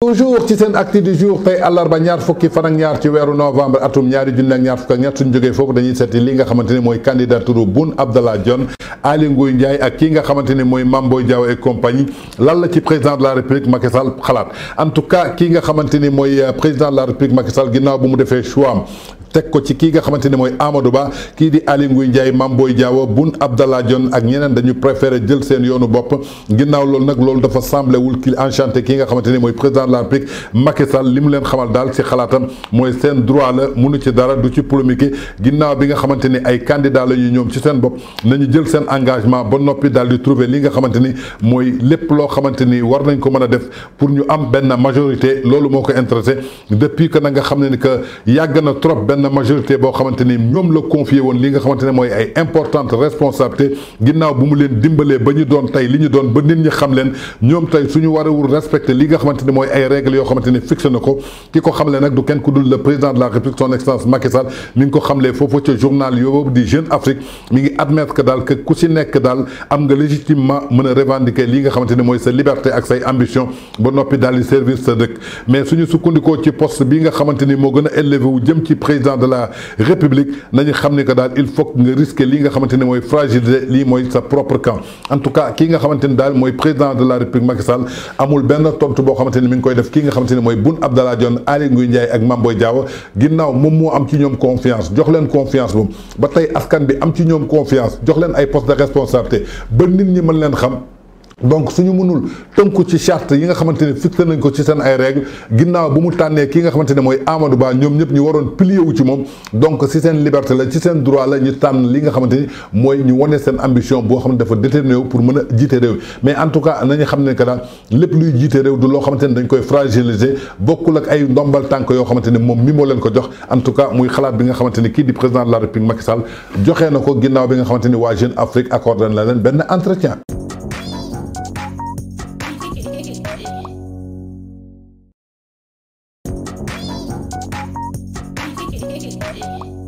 toujours c'est un acte du jour tey àllarba ñaar fukki fan ak ñaar ci weeru novembre atum ñaari junni ak ñaar fukk ak ñett suñ jógee foofu dañuy seeti li nga xamante ne candidat candidature Boun Abdallah Dionne Ali Ngouille Ndiaye ak kii nga xamante moy mooy Diaw et compagnie lan la ci président de la république Macky Sall xalaat en tout cas ki nga xamante moy euh, président de la république Macky Sall ginnaaw bu mu defee choix am teg ko ci ki nga xamanteni moy Amadou Ba ki di ali Ngouille Ndiaye mam boy Diao bun Abdallah dion ak ñeneen dañu préférer jël seen yoonu bop ginnaw lool nak lool dafa semblé wul ki enchanté ki nga xamanteni moy président de la République Macky Sall limu leen xamal dal ci xalaatam moy seen droit la munu ci dara du ci polémique ginnaw bi nga xamanteni ay candidat la ñu ñom ci seen bop nañu jël seen engagement ba nopi dal di trouver li nga xamanteni moy lepp lo xamanteni war nañ ko mëna def pour ñu am ben majorité loolu moko intéressé depuis que na nga xamné ni que yag na trop benn la majorité boo xamante ni le confier aux lignes li nga xamante moy ay importante responsabilité ginnaw bu mu leen dimbalé ba ñu doon tay li ñu doon ba nit ñi xam leen ñom tay suñu warewul respecter li nga xamante moy ay règles yo xamante fixé nako ko xamlé nak du kenn ku dul le président de la république son excellence Macky Sall mi ngi ko xamlé fofu ca journal yooyu di Jeune Afrique mi ngi admettre que dal que ku ci nek dal am nga légitimement mën revendiquer li nga xamante moy sa liberté ak say ambition ba nopi dal li servir sa mais suñu sukkandikoo ci poste bi nga xamante mo moo élever élevé wu jëm ci président de la république nañu xam ni que daal il faut nga risquer lii nga xamante ne mooy fragiliser lii mooy sa propre camp en tout cas kii nga xamante ni daal mooy président de la république Macky Sall amul benn tontu boo xamante ni mi ngi koy def kii nga xamante ni mooy Abdallah Dionne Aly Ngouille Ndiaye ak Mame Boye Diao ginnaaw moom am ci ñoom confiance jox leen confiance boobu ba tey askan bi am ci ñoom confiance jox leen ay poste de responsabilité ba nit ñi mën leen xam donc suñu mënul tënku ci charte yi nga xamante ne fixé nañ ko ci seen ay règle ginnaaw bu mu tànnee ki nga xamante ne Amadou Ba ñoom ñëpp ñu waroon plié ci moom donc si seen liberté la ci seen droit la ñu tànn li nga xamante ni mooy ñu wane seen ambition boo xam ne dafa déterminé pour mën a jiite mais en tout cas nañu xam ne que daal lépp luy jiite réew du loo xamante ne dañ koy fragiliser bokkul ak ay ndombal tànk yoo xamante ne moom mi moo leen ko jox en tout cas muy xalaat bi nga xamante ni kii di président de la république Macky Sall joxe na ko ginnaaw bi nga xamante ni Jeune Afrique accordé la leen benn entretien Thank you.